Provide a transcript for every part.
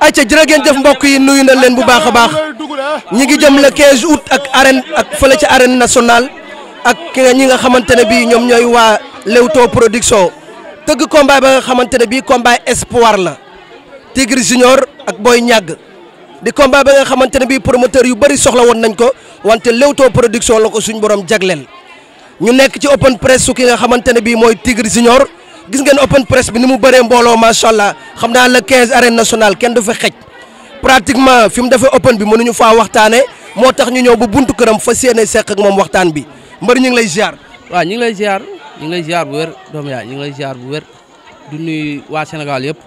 ayca jërë ngeen jëf mbokk yi nuyu na leen bu baax a baax ñi ngi jëm la 15 août ak arène ak fële ci arène national ak ñi nga xamante ne bii ñoom ñooy waa lewto production tëgg combat ba nga xamante ne bii combat espoir la Tigre Junior ak Boy Niang di combat ba nga xamante ne bii promoteur yu bëri soxla woon nañ ko wante Leewtoo production la ko suñ borom jagleel ñu nekk ci open press su ki nga xamante ne bii mooy Tigre Junior gis ngeen open press bi ni mu bëree mbooloo macha allah xam naa la 15 arène nationale kenn du fa xej pratiquement fi mu defee open bi mënuñu faa waxtaane moo tax ñu ñëw ba buntu këram fa yéene seq ak moom waxtaan bi mbër ñu ngi lay ziar. waaw ñu ngi lay ziar ñu ngi lay ziar bu wér doomu yaay ñu ngi lay ziar bu wér du nuyu waa Sénégal yëpp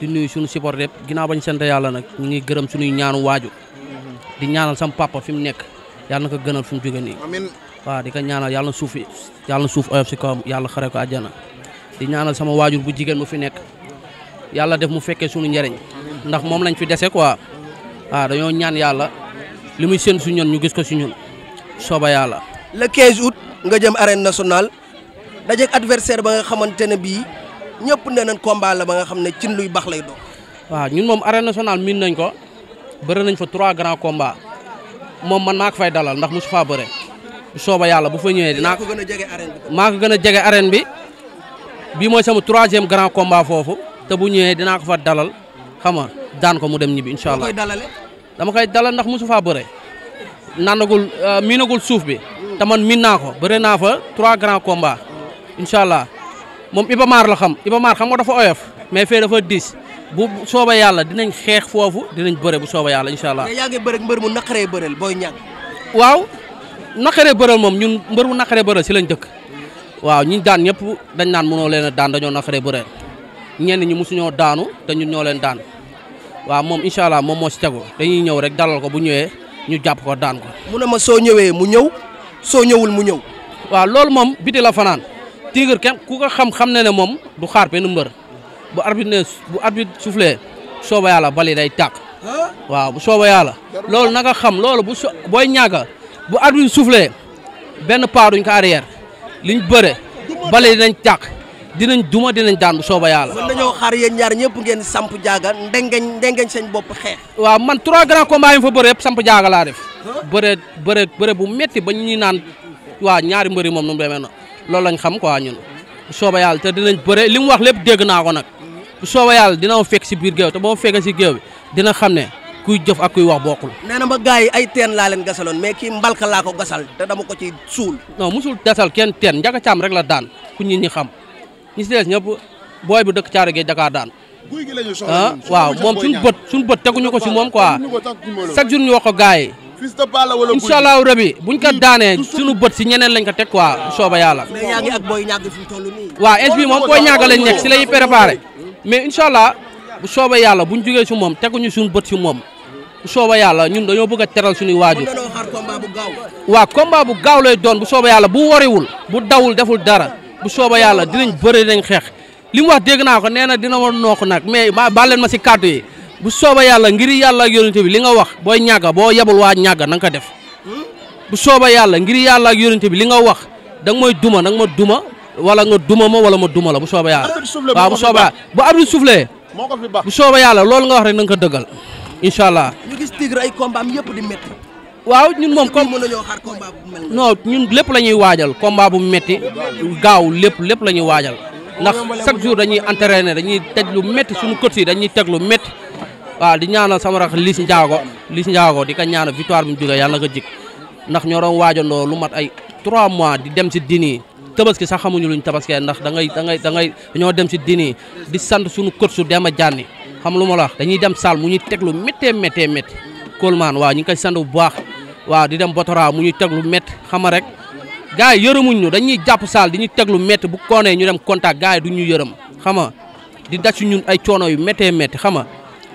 di nuyu suñu support yëpp ginnaaw bañ sant yàlla nag ñu ngi gërëm suñuy ñaanu waaju di ñaanal sam papa fi mu nekk yàlla na ka gënal fi mu jóge yàlla suuf yàlla na suuf oyof yàlla xare ko àjjana di ñaanal sama waajur bu jigéen mu fi nekk yàlla def mu fekkee suñu njëriñ ndax moom lañ fi dese quoi waaw ah, dañoo ñaan yàlla li muy séen su ñun ñu gis ko si ñun sooba yàlla. le 15 août nga jëm arène nationale dajeeg adversaire ba nga xamante ne bii ñëpp nee nañ la ba nga xam ne cin luy baax lay doon. waaw ñun moom arène nationale miin nañ ko bëri nañ fa trois grands combats moom man maa ko fay dalal ndax mosu faa bëre sooba yàlla bu fa ñëwee dinaa. maa ko gën a jege arène maa ko gën a jege arène bi. bii mooy sama troisième grand combat foofu te bu ñëwee dinaa ko fa dalal xam nga daan ko mu dem ñibbi incha allah dama koy dalal ndax mosu faa bëre. naanagul euh, miinagul suuf bi te man naa ko bëre naa fa trois grands combats incha allah moom Iba maar la xam Iba maar xam nga dafa oyof mais fee dafa diis bu sooba yàlla dinañ xeex foofu dinañ bëre bu sooba yàlla incha allah. mais yaa ngi bëre ak mbër mu naqaree bëreel booy ñàkk. waaw naqaree bëreel moom ñun mbër mu naqaree bëreel si lañ dëkk. waaw ñi daan ñëpp dañ naan mënoo leen a daan dañoo naqaree bëre ñenn ñi mosuñoo daanu te ñun leen daan waaw moom incha allah moom moo si tegu dañuy ñëw rek dalal ko bu ñëwee ñu jàpp ko daan ko. mu ma soo ñëwee mu ñëw soo ñëwul mu ñëw. waaw loolu moom biti la fanaan Tigre kenn ku ko xam-xam ne ne moom du xaar benn mbër bu arbitre ne bu arbitre soufflé sooba yàlla bali day tàq waaw bu sooba yàlla loolu na nga xam loolu bu so booy ñàgg bu arbitre soufflé benn pas duñ ko liñ bëre bale dinañ càq dinañ duma dinañ daan bu sooba yàlla. mën nañoo ñaar ñëpp ngeen samp jaaga ndengeñ ndengeñ seen bopp xeex. waaw man trois grands ko yi fa bëre yëpp samp jaaga laa def. bëre bëre bëre bu metti bañ ñuy naan waa ñaari mbëri moom nu mu demee loolu lañ xam quoi ñun. bu sooba te dinañ bëre li mu wax lépp dégg naa ko nag. bu sooba yàlla dina fekk si biir géew te boo fekkee si géew dina xam ne kuy jëf ak kuy wax bokkul. nee na ma gars yi ay teen laa gasaloon mais kii mbalka gasal te dama ko ci suul. non musul gasal kenn teen njaga caam rek la daan ku ñi ñi xam ñi si des ñëpp booy bu dëkk caare gee Dakar daan. guy gi la ñu ah, waaw moom suñu bët suñu bët teguñu ko si moom quoi chaque jour ñu wax ko gars yi. fils de Balla wala incha allahu rabi buñ ko daanee suñu bët si ñeneen lañ ko teg quoi sooba yàlla. mais ñaa booy ñàgg fi mu toll nii. waaw est bi moom booy ñàgg lañ nekk si lay préparé mais incha allah bu soobee si moom teguñu suñu bët si moom bu sooba yàlla ñun dañoo bëgg a teral suñuy waajur waaw combat bu gaaw lay doon bu sooba yàlla bu wariwul bu dawul deful dara bu sooba yàlla dinañ bëri dinañ xeex li mu wax dégg naa ko nee na dina war noox nag mais baal leen ma si kàddu yi bu sooba yàlla ngir yàlla ak bi li nga wax booy ñàgga boo yebul waa ñàgga na nga ko def bu sooba yàlla ngir yàlla ak yonente bi li nga wax dang nga mooy duma nag ma duma wala nga duma ma wala ma duma la bu sooba yàlla waaw bu sooba yàlla bu abdou soufflé bu sooba yàlla loolu nga wax rek na ko dëggal incha allah. ay combat yëpp di métti. waaw ñun moom comme mën ñun lépp lañuy ñuy waajal combat bu métti gaaw lépp lépp la ñuy waajal ndax chaque jour dañuy entraîner dañuy teg lu métti suñu kër si dañuy teg lu métti waaw di ñaanal sama rax Liss lis njaago di ko ñaanal victoire bi mu jógee yàlla na ko jik ndax ñoo doon waajandoo lu mat ay 3 mois di dem si dini tabaski sax xamuñu lu luñ tabaskee ndax da ngay da ngay da ngay ñoo dem si dini di sant suñu kër su dem a jànni xam lu ma la wax dañuy dem saal mu ñuy teg lu méttee méttee métti Coleman waaw ñu ngi koy sant bu baax waa di dem Botora mu ñuy teg lu métti xama rek gars yi yërëmuñ ñu dañuy jàpp saal di ñu teg lu métti bu koonee ñu dem contact gars du ñu yërëm xama di daj ñun ay coono yu méttee métti xama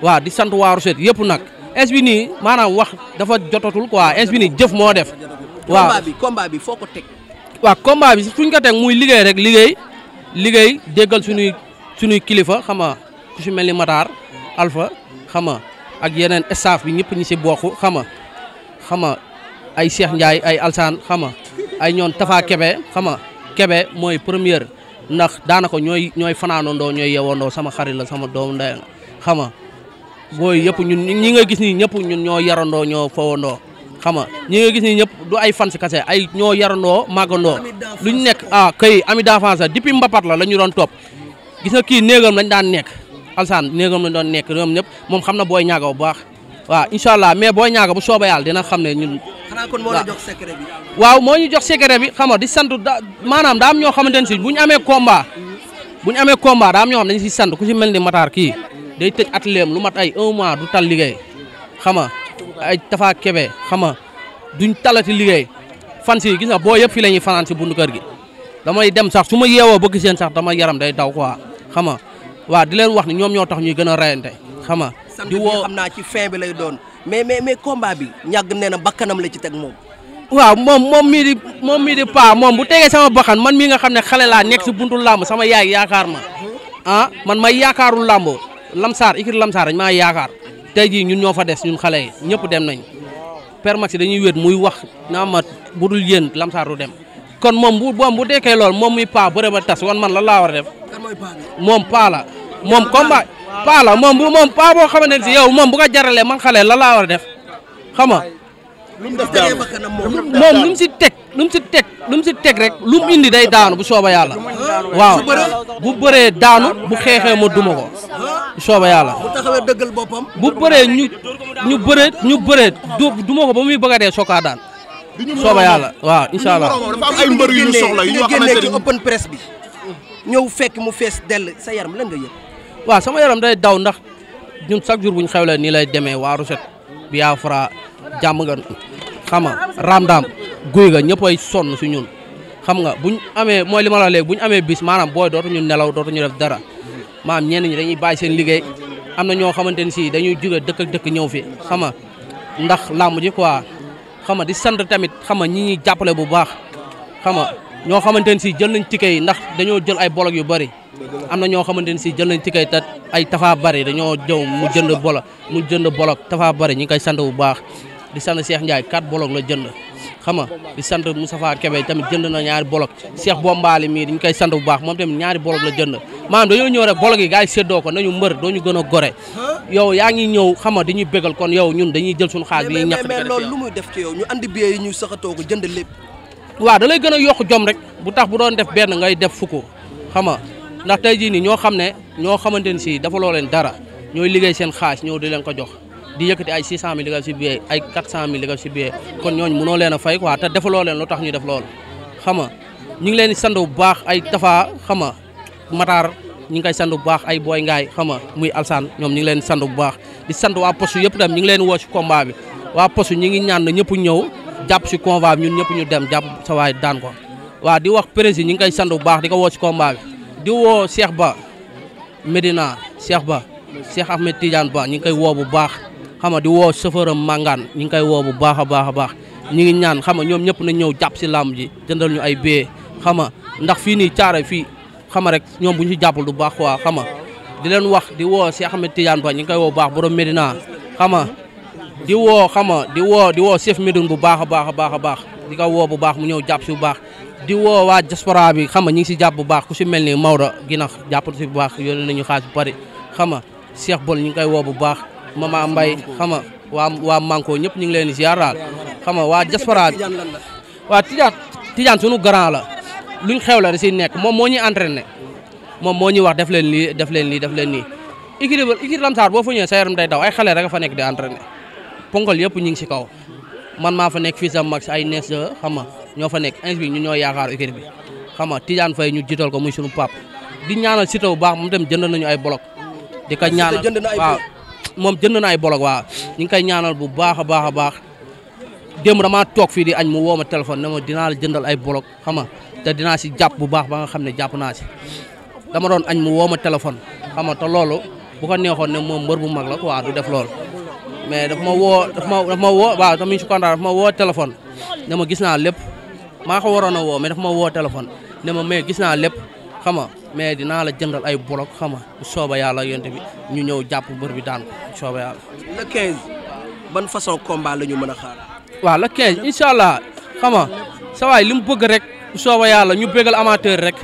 waaw di sant waa Rochette yëpp nag ins bi nii maanaam wax dafa jotatul quoi ins bi nii jëf moo def. waaw combat bi foo ko teg. waaw combat bi fuñ ko teg muy liggéey rek liggéey liggéey déggal suñuy suñuy kilifa xama ku si mel ni Matar Alpha xama ak yeneen staff bi ñëpp ñi si bokk xama xama ay Cheikh Ndiaye ay Alsaan xama ay ñoon Tafa Kebe xama Kebe mooy première ndax daanaka ñooy ñooy fanaanandoo ñooy yewandoo sama xarit la sama doom ndey la xama booy yëpp ñun ñi nga gis nii ñëpp ñun ñoo yarandoo ñoo fowandoo xama ñi nga gis nii du ay fans kase ay ñoo yarandoo màggandoo ñu nekk ah kay ami d'enfance la mbapat la la ñu doon topp gis nga kii néegam lañ daan nekk alsaan néegam lañ doon nekk ñoom ñëpp moom xam na booy ñaaga bu baax waaw incha allah mais booy ñaaga bu soobee yàlla dina xam ne ñun. xanaa kon moo waaw moo ñu jox secret bi xam nga di sant da maanaam daa am ñoo xamante ne si bu ñu amee combat bu ñu amee combat daa am ñoo xam dañu si sant ku si mel ni Matar kii day tëj atleem lu mat ay un mois du tal liggéey xam nga ay Tafa Kebe xam nga duñ talati liggéey fan si gis boo yëpp fi la ñuy fanaan si bundu kër gi damay dem sax su ma yeewoo ba giseen sax dama yaram day daw quoi waaw di leen wax ni ñoom ñoo tax ñuy gën a rayante xam nga di woo xam naa ci fin bi lay mais mais mais combat bi ñàgg nee na bakkanam la ci teg moom waaw moom moom mii di moom mii di paa moom bu tegee sama bakkan man mi nga xam ne xale laa nekk si buntu làmb sama yaay yaakaar ma ah man may yaakaarul làmb lamsaar ikir lamsaar dañ maa yaakaar tey ñun ñoo fa des ñun xale yi ñëpp dem nañ permax dañuy wéet muy wax naa bu dul yéen lamsaar du dem kon moom bu boom bu dekkee lool moom muy paa bëre ba tas won man lan laa war a moom paa moom combat paa la moom bu moom paa boo xamante ne si yow moom bu ko jaralee man xale la laa a def xam nga lu def daanu moom lu si teg lu si teg lu si teg rek lu mu indi day daanu bu sooba yàlla waaw bu bëree daanu bu xeexee moo duma ko bu sooba yàlla bu taxawee dëggal boppam bu bëree ñu ñu bëree ñu bëree du duma ko ba muy bëgg a dee sookaa daan sooba yàlla waaw incha allah dafa am ay mbër yu ñu soxla yu ñu génnee ci open bi ñëw fekk mu fees dell sa yaram lan waaw sama yaram day daw ndax ñun chaque jour bu ñu xewlee nii lay demee waa Rochette Biafra jàmm nga xama nga Ramdam guy ga ñëpp ay sonn si ñun xam nga buñ amee mooy li ma la bu ñu amee bis maanaam booy ñu nelaw dootuñu def dara maam ñenn ñi dañuy bàyyi seen liggéey am na ñoo xamante ne si dañuy jóge dëkk ak dëkk ñëw fi xam nga ndax làmb ji quoi xam nga di sant tamit xam nga ñi ñuy jàppale bu baax xam nga ñoo xamante ne si jël nañ ticket yi ndax dañoo jël ay bolog yu bari am na ñoo xamante ne si jël nañ ticket tat ay Tafa Bari dañoo jëw mu jënd bolo mu jënd bolok Tafa Bari ñu ngi koy sant bu baax di sant seex Ndiaye quatre bolok la jënd xam nga di sant Moustapha Kébé tamit jënd na ñaari bolok Cheikh Bombaali mii dañu koy sant bu baax moom tamit ñaari bolok la jënd maanaam dañoo ñëw rek bolok yi gars yi séddoo ko nañu mbër doo ñu gën a gore yow yaa ngi ñëw xam nga dañuy bégal kon yow ñun dañuy jël suñu xaalis bi ñax mais lool lu muy def ci yow ñu andi billet yi ñu saxatoo ko jënd lépp waaw da lay gën yokk jom rek bu tax bu doon def benn ngay def fukk ndax tey jii nii ñoo xam ne ñoo xamante ne si dafa loo leen dara ñooy liggéey seen xaas ñëw di leen ko jox di yëkkati ay si biyee ay 400000 si biyee kon ñooñu mënoo a fay quoi te defaloo leen tax ñu def loolu xam leen sant bu baax ay tafa xam mataar ñu ngi sant bu baax ay booy ngaay muy alsaan ñoom ñu leen sant bu baax di sant waa poste yëpp tam ñu leen woo si combat bi waa poste ñu ñaan ñëpp ñëw jàpp si combat bi ñun ñëpp ñu dem jàpp di woo Cheikh Ba Medina Cheikh Ba Cheikh Ahmed Tidiane Ba ñu ngi koy woo bu baax xam nga di woo chauffeur am ñu ngi koy woo bu baax a baax a baax ñu ngi ñaan xam nga ñoom ñëpp na ñëw jàpp si làmb ji jëndal ñu ay billets xam nga ndax fii nii caare fii xam nga rek ñoom bu ñu si jàppul du baax quoi xama di leen wax di woo Cheikh Ahmed Tidiane Ba ñu ngi koy woo bu baax borom Medina xam nga di woo xam nga di woo di woo chef Médoune bu baax a baax a baax a baax di ko woo bu mu ñëw jàpp si bu baax di woo waa diaspora bi xam nga ñu ngi si jàpp bu baax ku si mel ni Maodo ginax jàppatu si bu baax yónnee na ñu bu bari xam nga Cheikh Bol ñu ngi koy woo bu baax Mama Mbaye xam nga waa waa Manko ñëpp ñu ngi leen di ziar daal xam nga waa diaspora bi waa Tidiane Tidiane sunu grand la luñ xew la si siy nekk moom moo ñuy entraîné moom moo ñuy wax def leen lii def leen lii def leen nii équipe équipe Lamsaar boo fa ñëwee sa yaram day daw ay xale rek a fa nekk di entraîné ponkal yëpp ñu ngi si kaw man maa fa nekk fii ñoo fa nekk insi bi ñu ñoo yaakaar équipe bi xam nga Tidiane ñu jiital ko muy suñu pap di ñaanal Siteu bu baax moom tam jënd ay bolok di ko ñaanal waaw moom jënd na ay bolok waaw ñu ngi koy ñaanal bu baax a baax a baax démb dama toog fii di añ mu woo ma téléphone ne ma dinaa jëndal ay bolok xam nga dinaa si jàpp bu baax ba nga xam ne jàpp naa si dama doon añ mu woo ma téléphone xam nga te loolu bu ko neexoon ne moom mbër bu mag la quoi du def loolu mais daf ma woo daf ma daf gis naa lépp maa ko waroon a woo mais dafa ma woo téléphone ne ma mais gis naa lépp xam nga mais dinaa la jëndal ay bolok xam nga sooba yàlla yonte bi ñu ñëw jàpp mbër bi daan ko sooba yàlla. le 15 ban façon combat la ñu mën a xaar. waaw le 15 incha allah xam nga li mu bëgg rek sooba yàlla ñu bëggal amateur rek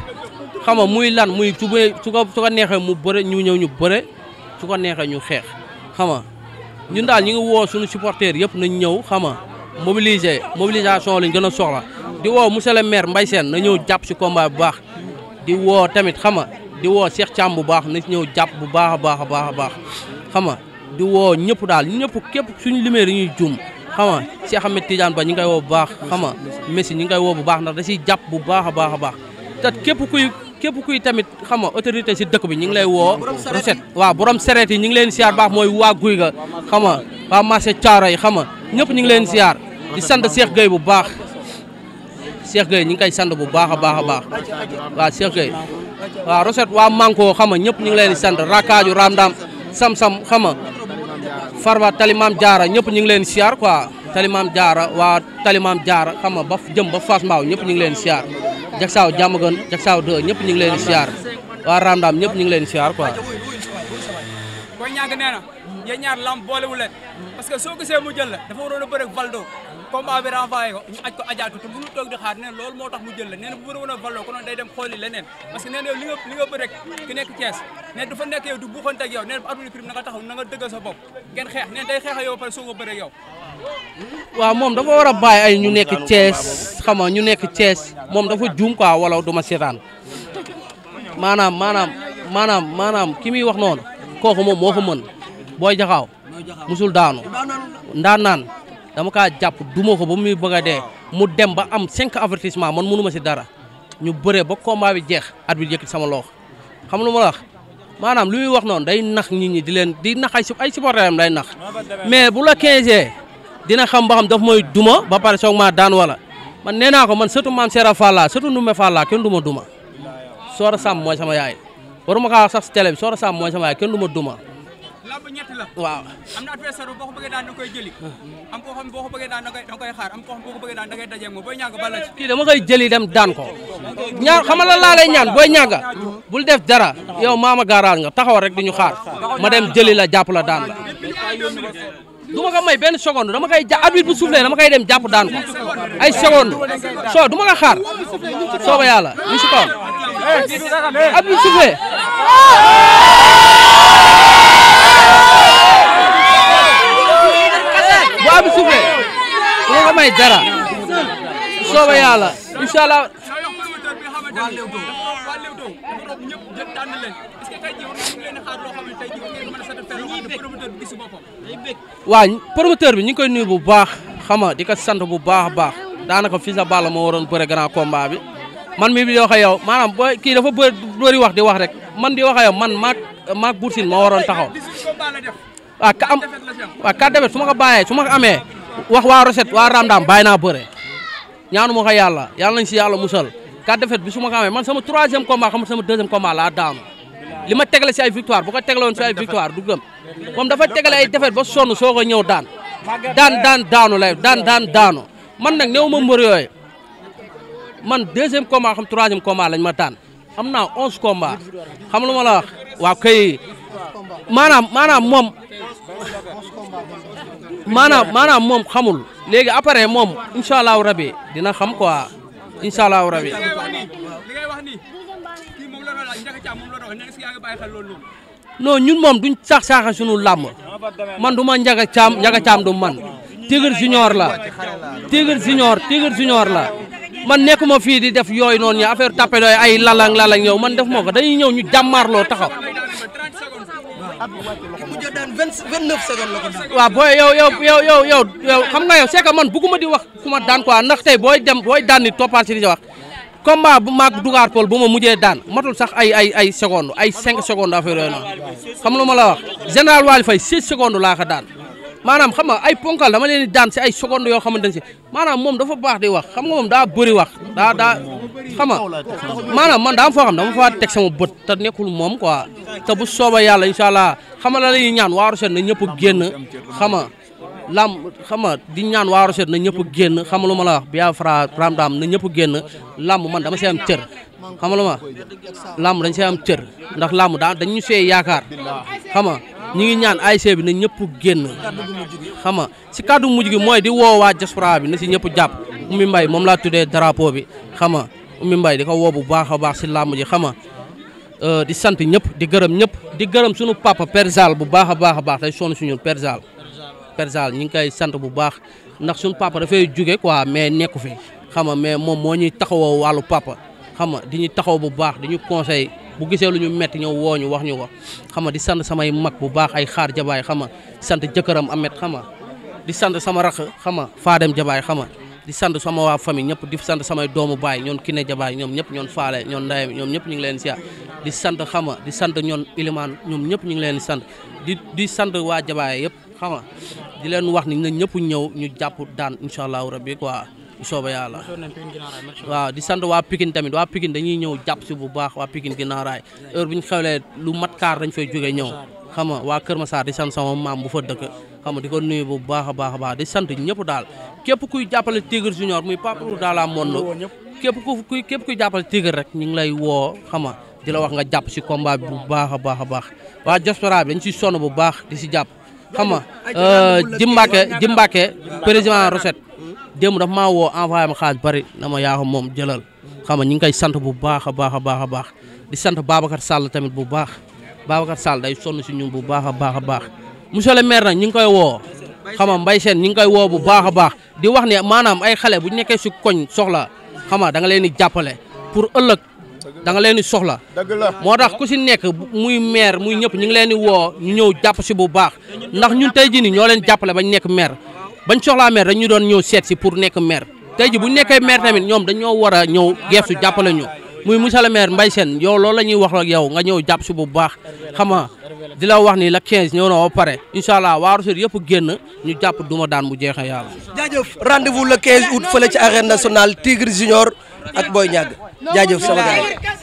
xam nga muy lan muy su su ko neexee mu bëre ñu ñëw ñu bëre su ko neexee ñu xeex xam nga ñun daal ñu ngi woo suñu supporteurs yëpp nañ ñëw xam nga mobiliser mobilisation lañ gën a soxla. di woo monsieur le maire Mbaye Sène na ñëw jàpp si combat bu baax di woo tamit xam nga di woo seex Thiam bu baax na ñëw jàpp bu baax a baax a baax a baax xam nga di woo ñëpp daal ñëpp képp suñu limee ñuy juum xam nga Cheikh Ahmed Tidiane Ba ñi ngay woo bu baax xam nga Messi ñi ngay woo bu baax ndax da siy jàpp bu baax a baax a baax te képp kuy képp kuy tamit xam nga autorité si dëkk bi ñi ngi lay woo recette waa borom sareet yi ñi ngi leen siyaar baax mooy waa guy ga xam nga waa marché caaro yi xam nga ñëpp ñi ngi leen siyaar di sant Cheikh Gueye bu baax Cheikh Gueye ñu ngi koy sant bu baax a baax a baax waaw Cheikh Gueye waaw recette waa Manko xam nga ñëpp ñu ngi leen di sant Rakaju Ramdam Sam-Sam xam far Farba Talimam jaara ñëpp ñu ngi leen siyaar quoi Talimam Diarra waa Talimam Diarra xam nga ba jëm ba Fass Mbao ñëpp ñu ngi leen siyaar Jaksaaw Diamaguène Jaksaaw 2 ñëpp ñu ngi leen siyaar waa Ramdam ñëpp ñu ngi leen siyaar quoi Boy Niang nee ñaar lamb boolewu leen parce que soo gisee mu jël la dafa waroon a bëre ak combat bi ko ñu aj ko ajaatu na loolu moo tax mu jël la a valoo ko noonu day dem xooli leneen parce que nee na yow nekk du buuxante ak yow nee na na nga taxaw na nga dëggal sa bopp ko bëree yow waaw moom dafa war a bàyyi ay ñu nekk Thiès xam ñu nekk Thiès moom dafa juum quoi wala duma seetaan maanaam maanaam maanaam maanaam ki muy wax noonu kooku moom moo ko mën booy jaxaaw musul daanu ndaan naan dama kaa jàpp duma ko ba muy bëgg a dee mu dem ba am cinq avertissement man mënu ma si dara ñu bëree ba combat bi jeex at bi yëkkati sama loxo xam lu ma la maanaam lu muy wax noonu day nax nit ñi di leen di nax ay ay supporter am day nax mais bu la 15 dina xam ba xam daf mooy duma ba pare soog maa daan wala man nee naa ko man surtout maam Seera Falla surtout Ndoumbé Falla kenn du ma duma Soora Samb moy sama yaay waruma kaa wax sax si télé bi Soora Samb mooy sama yaay kenn du ma duma lamb ñett la waaw am na adversaire ko bëggee daan da koy ko bëggee daan da koy xaar am koo xam da ngay daje moom booy dama kay jëli dem daan ko ñaar la laa lay ñaan booy ñàgga bul def dara yow maama gaaraal nga taxaw rek di ñu xaar ma dem jëli la jàpp la daan la du ma ko may benn seconde dama kay ja arbitre bu soufflé dama kay dem jàpp daan ko ay seconde soo du ma ko xaar soo ko yàlla ñu si kawam arbitre soufflé bu abi suufee dina ko may dara sooba yàlla incha allah. waaw promoteur bi ñu ngi koy nuyu bu baax xam nga di ko sant bu baax a baax daanaka Fils de Balla moo waroon bëre grand combat bi man mi di wax ak yow maanaam booy kii dafa bëri wax di wax rek man di wax man maag maag Bour moo waroon taxaw. waaw ka am waaw ka defet su ma ko bàyyee su ma ko amee wax waa recette waa ramdam bàyyi naa bëre ñaanu ma ko yàlla yàlla nañ si yàlla musal ka defet bi su ma ko amee man sama troisième combat xam sama deuxième combat laa daanu li ma tegale si ay victoire bu ko tegaloon si ay victoire du gëm moom dafa tegale ay defet ba sonn soo ñëw daan daan daan daanu lay daan daan daanu man nag néew ma mbër yooyu man deuxième combat xam troisième combat lañ ma daan am naa onze combat maanaam maanaam moom maanaam maanaam moom xamul léegi après moom incha allahu rabi dina xam quoi incha allahu rabi. non ñun moom duñ sax saaxa sunu làmm man du ma njaga caam njaga caam du man Tigre Junior la Tigre Junior Tigre Junior la man nekk nekkuma fii di def yooyu noon ñu affaire tapé doy ay lalang lalang yow man def moo ko dañuy ñëw ñu loo taxaw. ki mujj daan vingt neuf secondes la ko daan. waaw booy yow yow yow yow yow yow xam nga yow c'est que man bëgguma di wax ku ma daan quoi ndax tey booy dem booy daan ni toppaat si li nga wax. combat bu maag dugaar pol bu ma mujjee daan matul sax ay ay ay secondes ay cinq secondes affaire yooyu noonu xam lu ma la wax général Waly Faye six secondes laa ko daan. maanaam xam nga ay ponkal dama leen di daan si ay secondes yoo xamante ne si maanaam moom dafa baax di wax xam nga moom daa bëri wax daa daa. xam nga maanaam man daam foo xam dama faa teg sama bët te nekkul moom quoi te bu sooba yàlla incha allah xam nga la lañuy ñaan waaru set na ñëpp génn xam nga lam xam di ñaan waaru set na ñëpp génn xam nga ma la wax na ñëpp génn lam man dama see am cër xam nga lu lam dañ see am cër ndax lam daa dañu see yaakaar xam ñu ngi ñaan ay bi na ñëpp génn xam nga si kàddu mujj gi mooy di woo waa diaspora bi na si ñëpp jàpp mu mi mbay moom laa tuddee drapeau bi xam Oumy Mbaye di ko woo bu baax a baax si làmb ji xama euh, di sant ñëpp di gërëm ñëpp di gërëm suñu papa Perzal bu baax a baax a baax tey sonn suñu Perzal Perzal ñu ngi koy sant bu baax ndax suñu papa dafay jóge quoi mais nekku fi xam nga mais moom moo ñuy taxawoo wàllu papa xam nga di ñu taxaw bu baax di ñu conseil bu gisee lu ñu metti ñëw woo ñu wax ñu ko xam nga di sant samay mag bu baax ay xaar jabaay xam nga sant jëkkëram a xam nga di sant sama rakk xam nga Fadem di sant sama waa famille ñëpp di sant samay doomu baay ñoon Kiné Jabaay ñoom ñëpp ñoon faale ñoon ndayam ñoom ñëpp ñu ngi leen siyaa di sant xama di sant ñoon ilimaan ñoom ñëpp ñu ngi leen sant di di sant waa jabaay yëpp xama di leen wax ni na ñëpp ñëw ñu jàpp daan incha allahu rabbi quoi sooba yàlla waaw di sant waa Pikine tamit waa Pikine dañuy ñëw jàpp si bu baax waa Pikine ginnaaraay heure bu ñu xewlee lu mat kaar dañ fay jóge ñëw xama waa Kër Massar di sant sama xam nga di ko nuyu bu baax a baax a baax di sant ñëpp daal képp kuy jàppale Tigre Junior muy Papa Oudou daal laa mën képp kuy képp kuy jàppale Tigre rek ñu ngi lay woo xam nga di la wax nga jàpp si combat bi bu baax a baax a baax waa diaspora bi dañ siy sonn bu baax di si jàpp xam nga Jimbake euh, Jimbake président Rosette démb dafa maa ma xaalis bari na ma yaa ko moom jëlal xam nga ñu ngi sant bu baax a baax a baax a baax di sant Babacar Sall tamit bu baax Babacar Sall day sonn si ñun bu baax a baax a baax monsieur le maire na ñu ngi koy woo xam nga Mbaye Sène ñu ngi koy woo bu baax a baax di wax ne maanaam ay xale bu ñu nekkee si koñ soxla xamaa nga da nga leen di jàppale pour ëllëg danga nga leen di soxla moo tax ku si nekk muy maire muy ñëpp ñu ngi leen di woo ñu ñëw jàpp si bu baax ndax ñun tey jii ni ñoo leen jàppale bañ nekk maire bañ soxlaa maire dañ ñu doon ñëw seet si pour nekk maire tey ji bu ñu nekkee maire tamit ñoom dañoo war a ñëw geesu jàppale ñu muy monsieur le maire mbay seen yow loolu la ñuy wax ak yow nga ñëw jàpp si bu baax xam nga di la wax ni la 15 ñëw na ba pare incha allah waa yëpp génn ñu jàpp duma daan bu jeexee yàlla. jaajëf rendez-vous le 15 août fële ci arène nationale Tigre Junior ak Boy Niang jaajëf sama